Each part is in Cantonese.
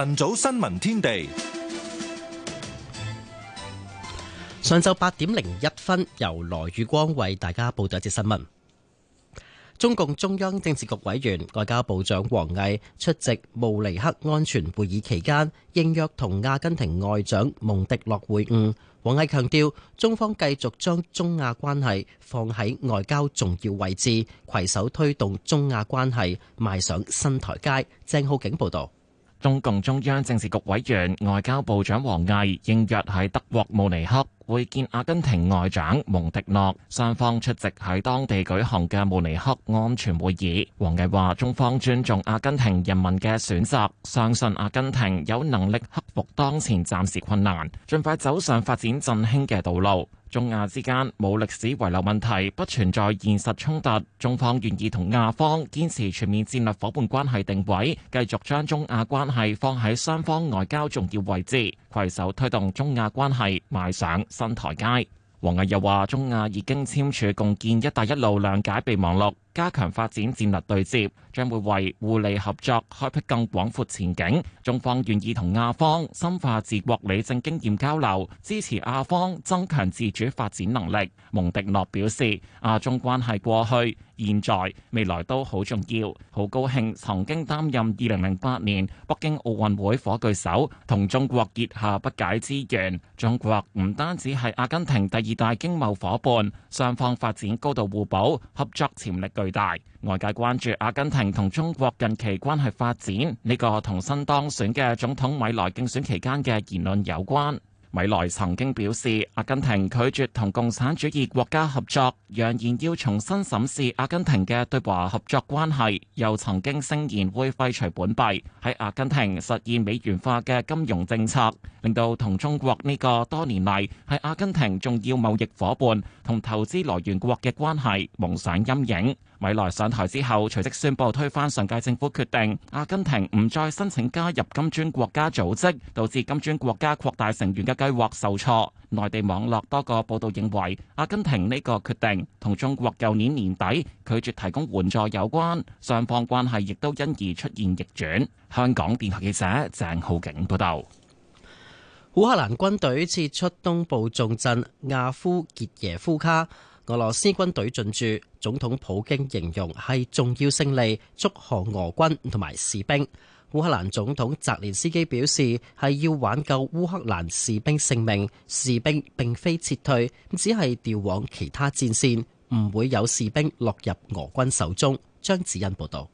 晨早新聞天地，上晝八點零一分，由羅宇光為大家報導一節新聞。中共中央政治局委員、外交部長王毅出席慕尼黑安全會議期間，應約同阿根廷外長蒙迪諾會晤。王毅強調，中方繼續將中亞關係放喺外交重要位置，攜手推動中亞關係邁上新台階。鄭浩景報道。中共中央政治局委員、外交部長王毅應約喺德國慕尼黑會見阿根廷外長蒙迪諾，雙方出席喺當地舉行嘅慕尼黑安全會議，王毅話中方尊重阿根廷人民嘅選擇，相信阿根廷有能力克服當前暫時困難，盡快走上發展振興嘅道路。中亞之間冇歷史遺留問題，不存在現實衝突。中方願意同亞方堅持全面戰略伙伴關係定位，繼續將中亞關係放喺雙方外交重要位置，攜手推動中亞關係邁上新台階。王毅又話：中亞已經簽署共建「一帶一路」諒解備忘錄。加強發展戰略對接，將會為互利合作開闢更廣闊前景。中方願意同亞方深化治國理政經驗交流，支持亞方增強自主發展能力。蒙迪諾表示，亞中關係過去、現在、未來都好重要，好高興曾經擔任二零零八年北京奧運會火炬手，同中國結下不解之緣。中國唔單止係阿根廷第二大經貿伙伴，雙方發展高度互補，合作潛力巨大，外界關注阿根廷同中國近期關係發展，呢、這個同新當選嘅總統米萊競選期間嘅言論有關。米萊曾經表示，阿根廷拒絕同共產主義國家合作，揚言要重新審視阿根廷嘅對華合作關係；又曾經聲言會廢除本幣，喺阿根廷實現美元化嘅金融政策，令到同中國呢個多年嚟係阿根廷重要貿易伙伴同投資來源國嘅關係蒙上陰影。米萊上台之後，隨即宣布推翻上屆政府決定，阿根廷唔再申請加入金磚國家組織，導致金磚國家擴大成員嘅計劃受挫。內地網絡多個報道認為，阿根廷呢個決定同中國舊年年底拒絕提供援助有關，雙方關係亦都因而出現逆轉。香港電台記者鄭浩景報道。烏克蘭軍隊撤出東部重鎮亞夫傑耶夫卡。俄羅斯軍隊進駐，總統普京形容係重要勝利，祝賀俄軍同埋士兵。烏克蘭總統澤連斯基表示係要挽救烏克蘭士兵性命，士兵並非撤退，只係調往其他戰線，唔會有士兵落入俄軍手中。張子欣報道。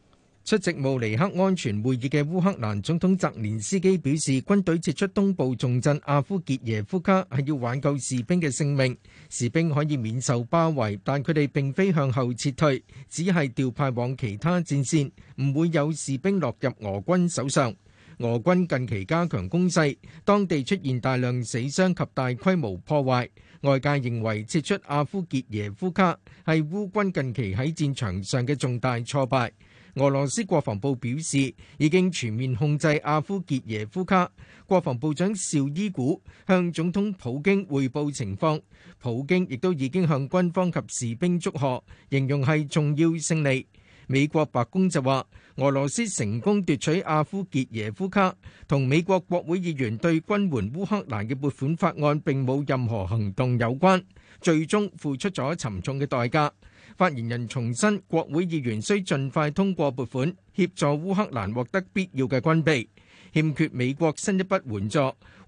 出席慕尼克安全會議嘅烏克蘭總統澤連斯基表示，軍隊撤出東部重鎮阿夫傑耶夫卡係要挽救士兵嘅性命，士兵可以免受包圍，但佢哋並非向後撤退，只係調派往其他戰線，唔會有士兵落入俄軍手上。俄軍近期加強攻勢，當地出現大量死傷及大規模破壞。外界認為撤出阿夫傑耶夫卡係烏軍近期喺戰場上嘅重大挫敗。俄羅斯國防部表示，已經全面控制阿夫傑耶夫卡，國防部長邵伊古向總統普京匯報情況，普京亦都已經向軍方及士兵祝賀，形容係重要勝利。美國白宮就話，俄羅斯成功奪取阿夫傑耶夫卡，同美國國會議員對軍援烏克蘭嘅撥款法案並冇任何行動有關，最終付出咗沉重嘅代價。發言人重申，國會議員需盡快通過撥款協助烏克蘭獲得必要嘅軍備。欠缺美國新一筆援助，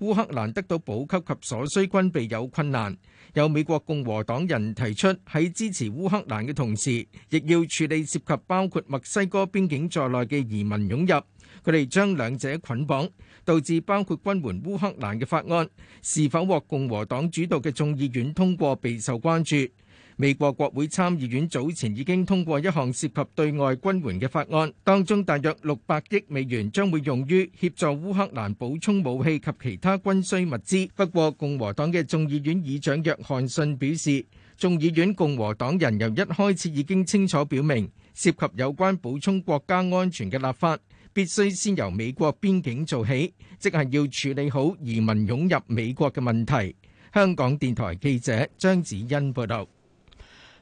烏克蘭得到補給及所需軍備有困難。有美國共和黨人提出喺支持烏克蘭嘅同時，亦要處理涉及包括墨西哥邊境在內嘅移民湧入，佢哋將兩者捆綁，導致包括軍援烏克蘭嘅法案是否獲共和黨主導嘅眾議院通過備受關注。美國國會參議院早前已經通過一項涉及對外軍援嘅法案，當中大約六百億美元將會用於協助烏克蘭補充武器及其他軍需物資。不過，共和黨嘅眾議院議長約翰遜表示，眾議院共和黨人由一開始已經清楚表明，涉及有關補充國家安全嘅立法，必須先由美國邊境做起，即係要處理好移民湧入美國嘅問題。香港電台記者張子欣報道。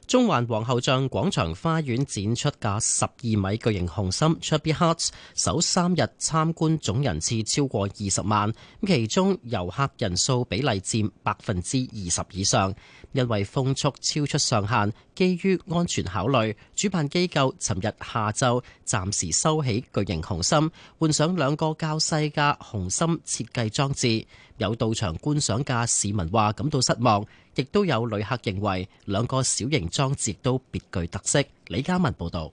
中環皇后像廣場花園展出架十二米巨型紅心，Chubby Hearts，首三日參觀總人次超過二十萬，其中遊客人數比例佔百分之二十以上。因為風速超出上限，基於安全考慮，主辦機構尋日下晝暫時收起巨型紅心，換上兩個較細嘅紅心設計裝置。有到場觀賞嘅市民話感到失望，亦都有旅客認為兩個小型裝置都別具特色。李嘉文報道。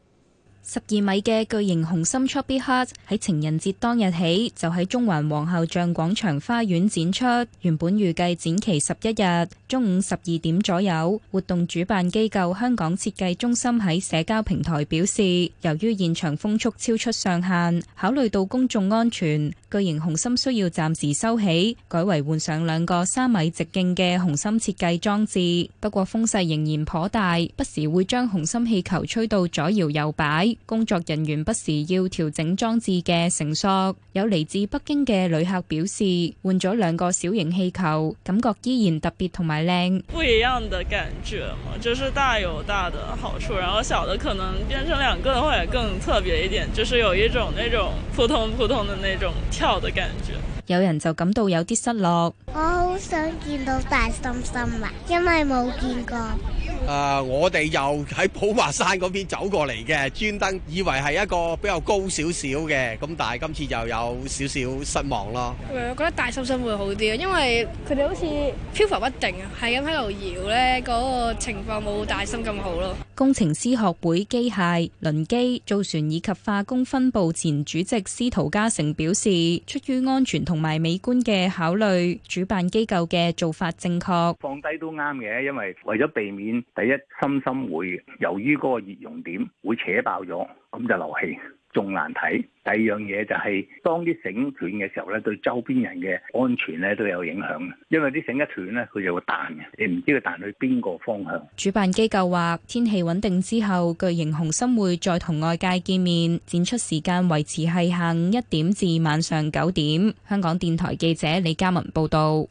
十二米嘅巨型紅心 Chubby Heart 喺情人節當日起就喺中環皇后像廣場花園展出，原本預計展期十一日。中午十二點左右，活動主辦機構香港設計中心喺社交平台表示，由於現場風速超出上限，考慮到公眾安全，巨型紅心需要暫時收起，改為換上兩個三米直徑嘅紅心設計裝置。不過風勢仍然頗大，不時會將紅心氣球吹到左搖右擺。工作人員不時要調整裝置嘅繩索。有嚟自北京嘅旅客表示，換咗兩個小型氣球，感覺依然特別同埋靚。不一樣的感覺就是大有大的好處，然後小的可能變成兩個嘅話，也更特別一點，就是有一種那種撲通撲通的那種跳的感覺。有人就感到有啲失落。我好想見到大心心啊，因為冇見過。誒、呃，我哋又喺寶馬山嗰邊走過嚟嘅，專登以為係一個比較高少少嘅，咁但係今次又有少少失望咯。嗯、我覺得大心心會好啲，因為佢哋好似漂浮不定啊，係咁喺度搖呢嗰、那個情況冇大心咁好咯。工程師學會機械輪機造船以及化工分部前主席司徒嘉成表示，出於安全同埋美觀嘅考慮，主辦機構嘅做法正確。放低都啱嘅，因為為咗避免。第一，心心會由於嗰個熱熔點會扯爆咗，咁就漏氣，仲難睇。第二樣嘢就係、是、當啲繩斷嘅時候咧，對周邊人嘅安全咧都有影響。因為啲繩斷一斷咧，佢就會彈嘅，你唔知佢彈去邊個方向。主辦機構話：天氣穩定之後，巨型紅心會再同外界見面，展出時間維持係下午一點至晚上九點。香港電台記者李嘉文報道。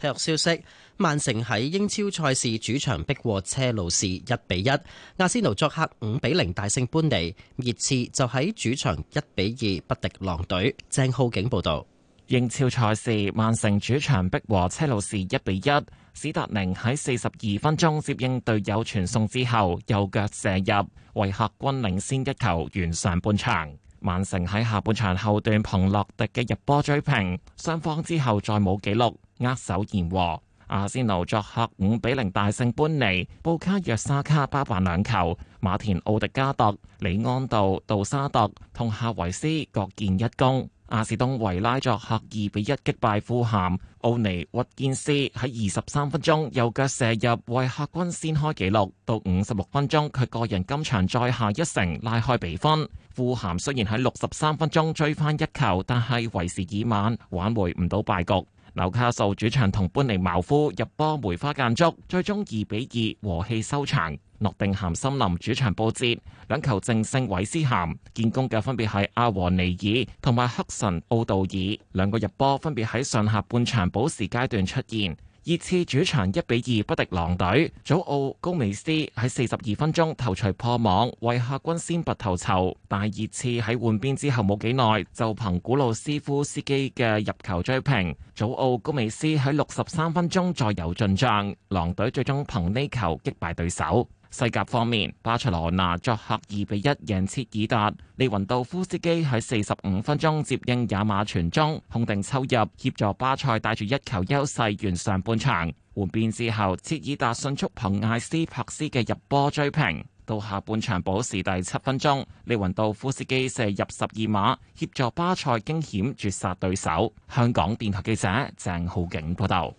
體育消息：曼城喺英超賽事主場逼和車路士一比一，阿仙奴作客五比零大勝般尼，熱刺，就喺主場一比二不敵狼隊。鄭浩景報道：英超賽事，曼城主場逼和車路士一比一，史達寧喺四十二分鐘接應隊友傳送之後右腳射入，為客軍領先一球完上半場。曼城喺下半場後段憑洛迪嘅入波追平，雙方之後再冇紀錄。握手言和。阿仙奴作客五比零大勝般尼，布卡約沙卡包辦兩球，馬田奧迪加特、李安道、杜沙特同夏維斯各建一功。阿士東維拉作客二比一擊敗富咸，奧尼屈堅斯喺二十三分鐘右腳射入，為客軍先開紀錄。到五十六分鐘，佢個人今場再下一城拉開比分。富咸雖然喺六十三分鐘追翻一球，但係為時已晚，挽回唔到敗局。紐卡素主場同潘尼茅夫入波梅花間竹，最終二比二和氣收場。諾定咸森林主場報捷，兩球正勝韋斯咸，建功嘅分別係阿和尼爾同埋黑神奧道爾，兩個入波分別喺上下半場補時階段出現。熱刺主場一比二不敵狼隊，祖奧高美斯喺四十二分鐘頭槌破網，為客軍先拔頭籌。但熱刺喺換邊之後冇幾耐，就憑古魯斯夫斯基嘅入球追平。祖奧高美斯喺六十三分鐘再有進賬，狼隊最終憑呢球擊敗對手。西甲方面，巴塞羅那作客二比一贏切爾達，利雲道夫斯基喺四十五分鐘接應雅馬傳中，控定抽入協助巴塞帶住一球優勢完上半場。換邊之後，切爾達迅速憑艾斯帕斯嘅入波追平。到下半場補時第七分鐘，利雲道夫斯基射入十二碼，協助巴塞驚險絕殺對手。香港電台記者鄭浩景報道。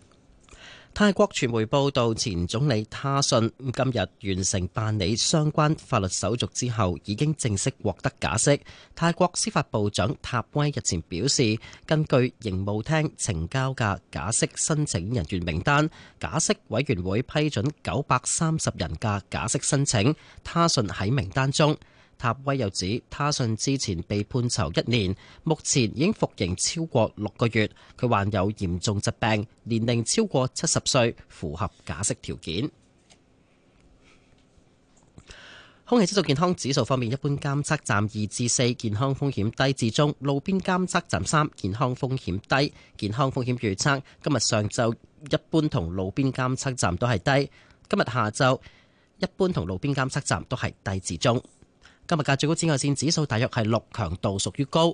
泰國傳媒報道，前總理他信今日完成辦理相關法律手續之後，已經正式獲得假釋。泰國司法部長塔威日前表示，根據刑務廳呈交嘅假釋申請人員名單，假釋委員會批准九百三十人嘅假、假釋申請，他信喺名單中。塔威又指，他信之前被判囚一年，目前已經服刑超過六個月。佢患有嚴重疾病，年齡超過七十歲，符合假釋條件。空氣質素健康指數方面，一般監測站二至四，健康風險低至中；路邊監測站三，健康風險低。健康風險預測：今日上晝一般同路邊監測站都係低；今日下晝一般同路邊監測站都係低至中。今日嘅最高紫外線指數大約係六強度，屬於高。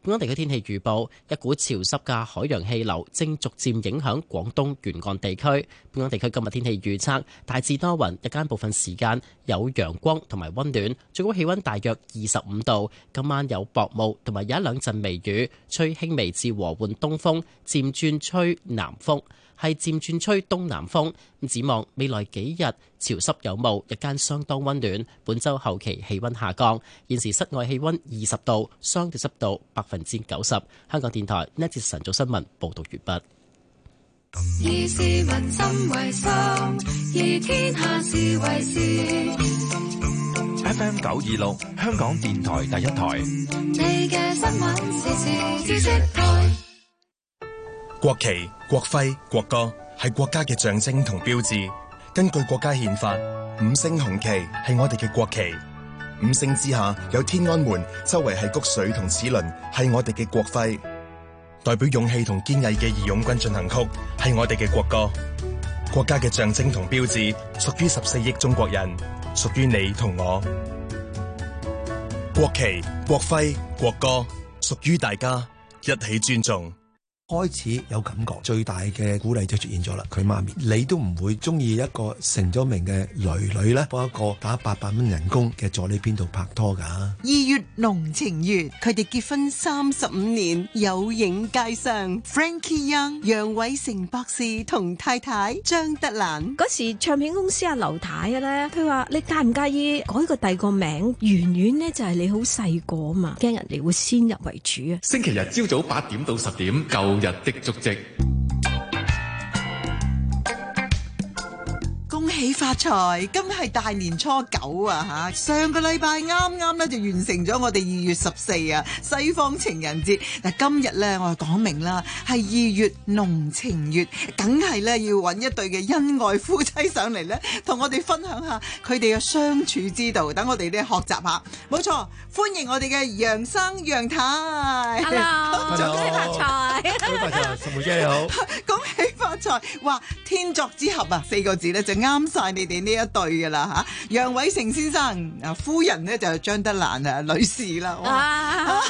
本港地區天氣預報：一股潮濕嘅海洋氣流正逐漸影響廣東沿岸地區。本港地區今日天氣預測大致多雲，日間部分時間有陽光同埋温暖，最高氣温大約二十五度。今晚有薄霧同埋有一兩陣微雨，吹輕微至和緩東風，漸轉吹南風。係漸轉吹東南風，指望未來幾日潮濕有霧，日間相當溫暖。本周後期氣溫下降，現時室外氣溫二十度，相對濕度百分之九十。香港電台呢次晨早新聞報道完畢。F M 九二六，香港電台第一台。國旗、國徽、國歌係國家嘅象徵同標誌。根據國家憲法，五星紅旗係我哋嘅國旗。五星之下有天安門，周圍係谷水同齒輪，係我哋嘅國徽。代表勇氣同堅毅嘅《義勇軍進行曲》係我哋嘅國歌。國家嘅象徵同標誌屬於十四億中國人，屬於你同我。國旗、國徽、國歌屬於大家，一起尊重。開始有感覺，最大嘅鼓勵就出現咗啦。佢媽咪，你都唔會中意一個成咗名嘅女女咧，幫一個打八百蚊人工嘅，助理喺邊度拍拖噶。二月濃情月，佢哋結婚三十五年，有影界上 Frankie Young 楊偉成博士同太太。張德蘭，嗰時唱片公司阿、啊、劉太嘅咧、啊，佢話你介唔介意改個第二個名？圓圓呢就係你好細個嘛，驚人哋會先入為主啊。星期日朝早八點到十點， 日的足跡。賽、啊、今係大年初九啊吓、啊，上個禮拜啱啱咧就完成咗我哋二月十四啊，西方情人節。嗱、啊，今日咧我講明啦，係二月濃情月，梗係咧要揾一對嘅恩愛夫妻上嚟咧，同我哋分享下佢哋嘅相處之道，等我哋咧學習下。冇錯，歡迎我哋嘅楊生楊太，Hello，恭喜恭喜發財，淑梅姐你好。 發財哇！天作之合啊，四個字咧就啱晒你哋呢一對噶啦吓。楊偉成先生啊，夫人咧就張德蘭啊女士啦。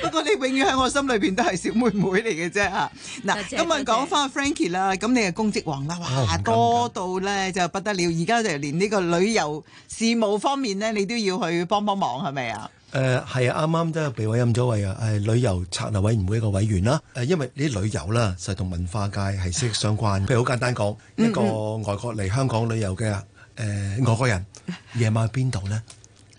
不過你永遠喺我心裏邊都係小妹妹嚟嘅啫吓。嗱，咁啊講翻 Frankie 啦，咁你係公職王啦，哇多到咧就不得了，而家就連呢個旅遊事務方面咧，你都要去幫幫忙係咪啊？是誒係、呃、啊，啱啱都係被委任咗為啊，係、呃、旅遊策劃委員會一個委員啦。誒、呃，因為呢啲旅遊啦，就係同文化界係息息相關。 譬如好簡單講，一個外國嚟香港旅遊嘅誒、呃、外國人，夜晚喺邊度咧？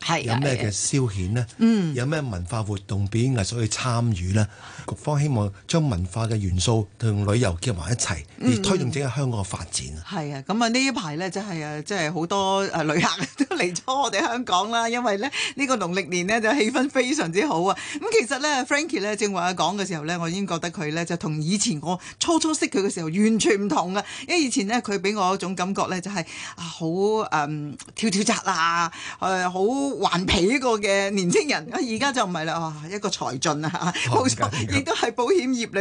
係 有咩嘅消遣咧？嗯、 啊，啊、有咩文化活動俾藝術去參與咧？ 嗯 局方希望將文化嘅元素同旅遊結合埋一齊，而推動整個香港嘅發展啊！係啊，咁啊呢一排咧，真係啊，即係好多啊旅客都嚟咗我哋香港啦，因為咧呢個農曆年咧就氣氛非常之好啊！咁其實咧，Frankie 咧正話講嘅時候咧，我已經覺得佢咧就同以前我初初識佢嘅時候完全唔同啊，因為以前咧佢俾我一種感覺咧就係啊好誒跳跳紮啊，誒好頑皮一個嘅年輕人，而家就唔係啦，一個才俊啊，冇錯。你都係保險業內。